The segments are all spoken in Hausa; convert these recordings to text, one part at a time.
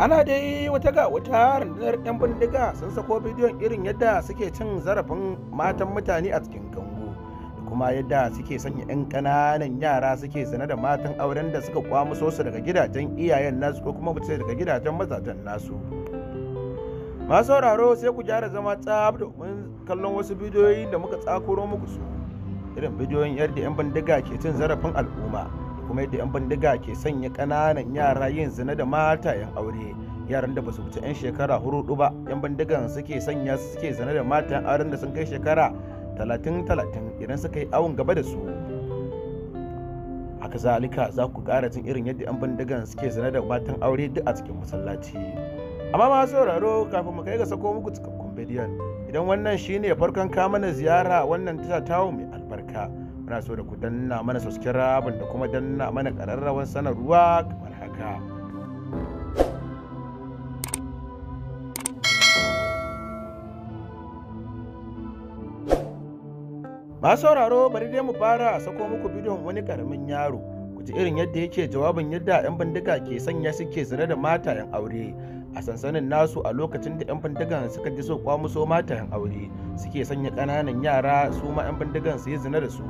ana dai wata ga wata rundunar 'yan bindiga sun sako bidiyon irin yadda suke cin zarafin matan mutane a cikin kango da kuma yadda suke sanya 'yan ƙananan yara suke sane da matan auren da suka kwamuso su daga gidajen iyayen nasu ko kuma mace daga gidajen mazajen nasu masu sauraro sai ku gyara zama tsab domin kallon wasu bidiyoyi da muka tsakuro muku su irin bidiyoyin yadda 'yan bindiga ke cin zarafin al'umma kuma yadda 'yan bindiga ke sanya ƙananan yara yin zina da mata 'yan aure yaran da ba su wuce 'yan shekara hurudu ba 'yan bindigan suke sanya su suke zina da mata 'yan auren da sun kai shekara 30-30 idan suka yi awon gaba da su haka zalika za ku ƙara jin irin yadda 'yan bindigan suke zina da matan aure duk a cikin masallaci amma ma sauraro kafin mu kai ga sako muku cikakkun bidiyon idan wannan shine farkon kamana ziyara wannan tasha tawo mai albarka muna so da ku danna mana subscribe da kuma danna mana ƙararrawar sanarwa kamar haka masu sauraro bari dai mu fara sako muku bidiyon wani karamin yaro ku ji irin yadda yake jawabin yadda 'yan bindiga ke sanya suke zira da mata aure a sansanin nasu a lokacin da 'yan bindigan suka ji so kwamuso mata 'yan aure suke sanya ƙananan yara su ma 'yan bindigan su yi zina da su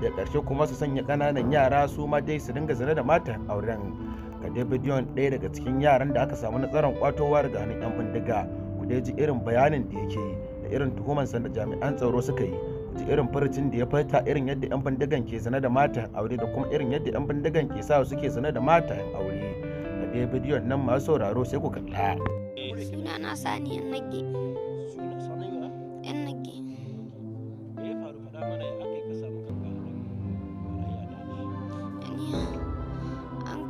da ƙarshe kuma su sanya ƙananan yara su ma dai su dinga zane da mata auren ga dai bidiyon ɗaya daga cikin yaran da aka samu nasarar kwatowa daga hannun 'yan bindiga ku dai ji irin bayanin da yake da irin san da jami'an tsaro suka yi ji irin farcin da ya fata irin yadda 'yan bindigan ke zane da mata aure da kuma irin yadda 'yan bindigan ke sa suke zane da mata aure da dai bidiyon nan masu sauraro sai ku kalla. sunana sani nake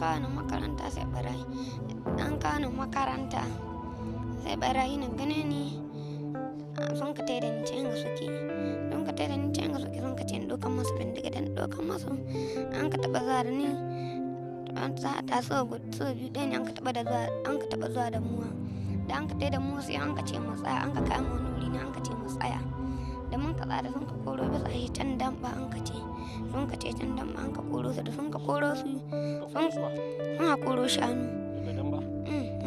kanin makaranta sai barayi dan kanin makaranta sai barayi na gane ni sun ka tai da ni can suke don ka tai da ni can suke sun ka ce dokan masu bindiga da dokan masu an ka taba zuwa da ni an ta ta so so bi dan an ka taba da zuwa an ka taba zuwa da muwa da an ka tai da mu sai an ka ce mu tsaya an ka kama wani wuri na an ka ce mu tsaya da mun ka da sun ka koro bisa shi can damba an ka ce sun ka ce can damba an ka koro su da sun koro su koro shanu mun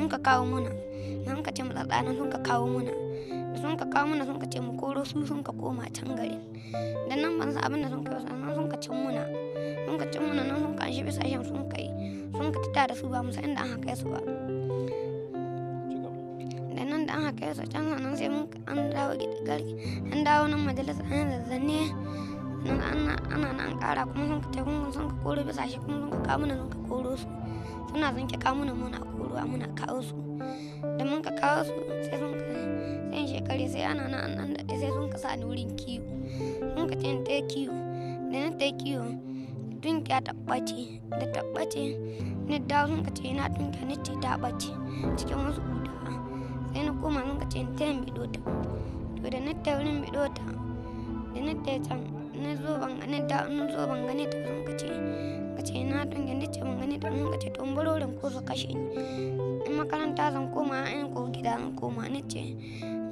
mm, kawo muna sun ka ce mu tsatsana sun ka kawo muna sun ka kawo muna sun ka ce mu koro su sun ka koma can garin da nan ban san abin sun kai wasu nan sun ka cin muna sun ka cin muna nan sun ka shi bisa shan sun kai sun ka tita da su ba musa inda an haka su ba da nan da an haka su can nan sai mun an dawo gari an dawo nan majalisa an zazzane ana ana an kara kuma sun fita kun sun ka koro bisa shi kuma sun ka kawo mana ka koro su suna sun ka kawo mana muna muna kawo su da mun ka kawo su sai sun ka sai sai ana nan an daɗe sai sun ka sa ni wurin kiwo sun ka ta kiwo da na ta kiwo da ta ni sun ka ce na ni ce ta ɓace cikin wasu gudawa sai na koma sun ka ce ta yin biɗo ta to da na ta wurin biɗo da na ta can na zo ban gane ta na zo ban gane ta sun kace kace na tun gane ce ban gane ta mun kace to burorin ko su kashe ni in makaranta zan koma in ko gida zan koma ni ce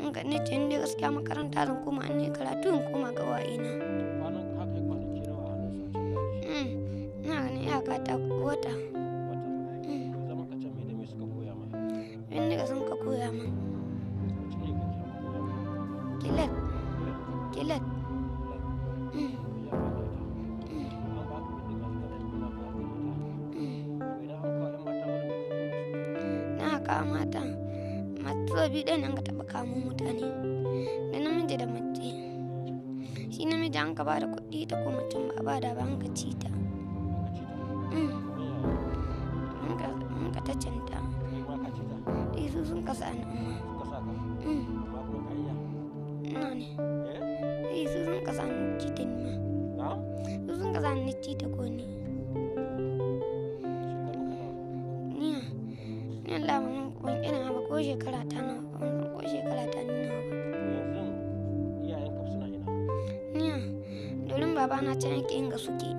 in ka ni ce ni gaskiya makaranta zan koma in ne karatu in koma ga wa'ina Na hmm, ganin ya ta wata wata hmm. zama kace me da me suka koya ma in ka sun ka koya ma taɓa kamo mutane da namiji da mace shi namiji an ka bada kuɗi ta ko mutum ba da ba an ka ci ta mm. an ka ta canta isu sun kasa an amma ne isu sun kasa an ci ta ne ma su sun kasa an ci ta ko ne babana can yake inga suke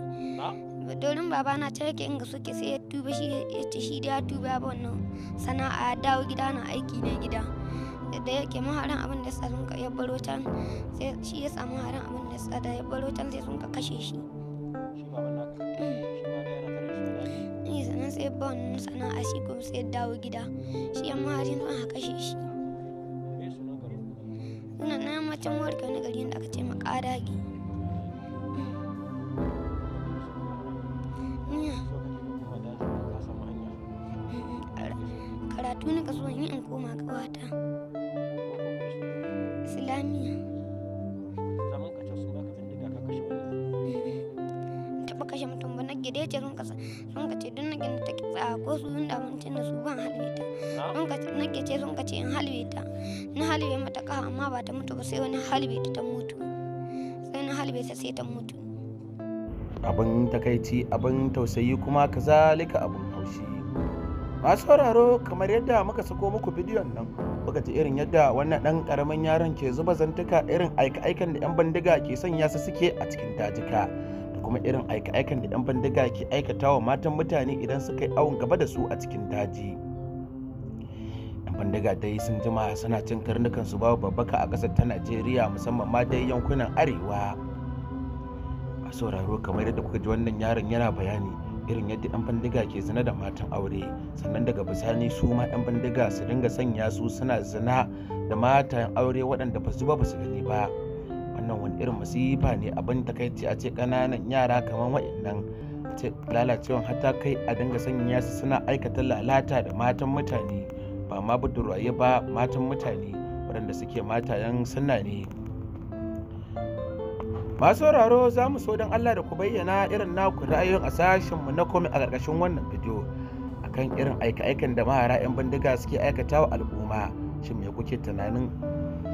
domin babana can yake inga suke sai ya tuba shi ya ci shi da ya tuba ba wannan sana'a ya dawo gida na aiki na gida da yake maharan abin da sun ka ya baro can sai shi ya samu haran abin da da ya baro can sai sun ka kashe shi mm. sai ba wannan sana'a shi kuma sai ya dawo gida shi ya maharin sun ha kashe shi sunan na macen warka na gari da aka ce makadagi karatu ka zuwa in in koma kawata islamiya taɓa kashe mutum ba na gida ce sun kasa sun kace don na gina ta kitsa ko su sun damu damanci na su ban halwita sun kace na ce sun kace in halwita na halibe mata kawo amma ba ta mutu ba sai wani halibe ta ta mutu sai na halibe ta sai ta mutu abin takaici abin tausayi kuma kazalika abin haushi masu sauraro kamar yadda muka sako muku bidiyon nan kuka ji irin yadda wannan dan karamin yaron ke zuba zantuka irin aika-aikan da 'yan bandiga ke sanya su suke a cikin dajika da kuma irin aika-aikan da 'yan bandiga ke aikatawa matan mutane idan suka yi awon gaba da su a cikin daji. 'Yan bandaga dai sun jima suna cin karnukan su babu babbaka a ƙasar ta najeriya musamman ma dai yankunan arewa a sauraro kamar yadda kuka ji wannan yaron yana bayani irin yadda 'yan bindiga ke zina da matan aure sannan daga bisani su ma 'yan bindiga su dinga sanya su suna zina da matan aure waɗanda ba su ba su gani ba wannan wani irin masifa ne abin takaici a ce ƙananan yara kamar waɗannan ce lalacewan hata kai a dinga sanya su suna aikata lalata da matan mutane ba ma budurwaye ba matan mutane waɗanda suke matayen sunna ne masu sauraro za mu so don Allah da ku bayyana irin naku ra'ayoyin a sashenmu na komai a ƙarƙashin wannan bidiyo akan irin aika-aikan da mahara 'yan bindiga suke aikata wa al'umma shin me kuke tunanin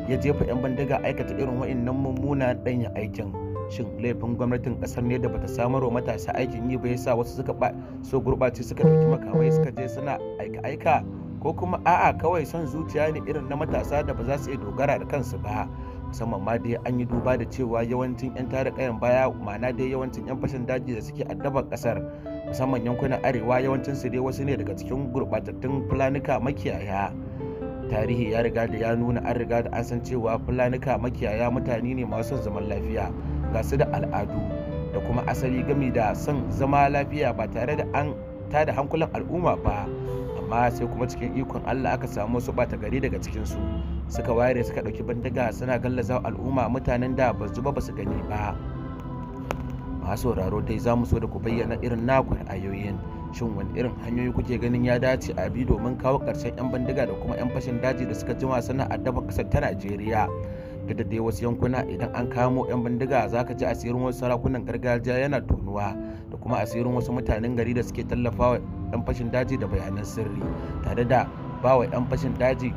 ya jefa 'yan bindiga aikata irin wa'annan mummunan ɗanyen aikin shin laifin gwamnatin ƙasar ne da bata samar wa matasa aikin yi ba yasa wasu suka ba so gurɓace suka ɗauki makamai suka je suna aika-aika ko kuma a'a kawai son zuciya ne irin na matasa da ba za su iya dogara da kansu ba musamman ma dai an yi duba da cewa yawancin 'yan tare baya ma'ana dai yawancin 'yan fashin daji da suke addabar kasar musamman yankunan arewa yawancin su dai wasu ne daga cikin gurbatattun fulanuka makiyaya tarihi ya riga da ya nuna an riga da an san cewa fulanuka makiyaya mutane ne masu zaman lafiya ga su da al'adu da kuma asali gami da son zama lafiya ba tare da an da hankulan al'umma ba amma sai kuma cikin ikon allah aka samu wasu bata gari daga cikinsu suka ware suka ɗauki bindiga suna gallaza al'umma mutanen da ba su ba su gani ba masu sauraro dai za mu so da ku bayyana irin naku ayoyin shin wani irin hanyoyi kuke ganin ya dace a bi domin kawo ƙarshen 'yan bindiga da kuma 'yan fashin daji da suka jima suna addaba ƙasar ta najeriya da da dai wasu yankuna idan an kamo 'yan bindiga za ka ji asirin wasu sarakunan gargajiya yana tonuwa da kuma asirin wasu mutanen gari da suke tallafawa 'yan fashin daji da bayanan sirri tare da bawa 'yan fashin daji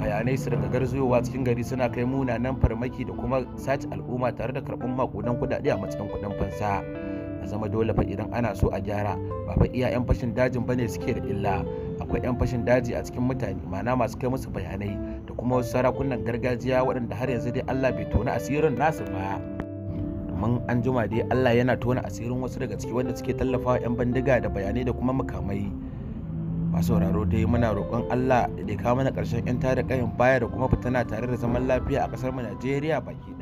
bayanai su daga garzuyowa cikin gari suna kai munanan farmaki da kuma sace al'umma tare da karɓan makudan kudade a matsayin kudin fansa ya zama dole fa idan ana so a gyara ba fa iya 'yan fashin dajin bane suke da illa akwai 'yan fashin daji a cikin mutane ma'ana masu kai musu bayanai da kuma wasu sarakunan gargajiya waɗanda har yanzu dai Allah bai tona asirin nasu ba domin an jima dai Allah yana tona asirin wasu daga ciki wanda suke tallafawa 'yan bandiga da bayanai da kuma makamai masu sauraro dai muna roƙon Allah da kawo mana ƙarshen 'yan tada ƙayin baya da kuma fitana tare da zaman lafiya a ƙasar mu Najeriya baki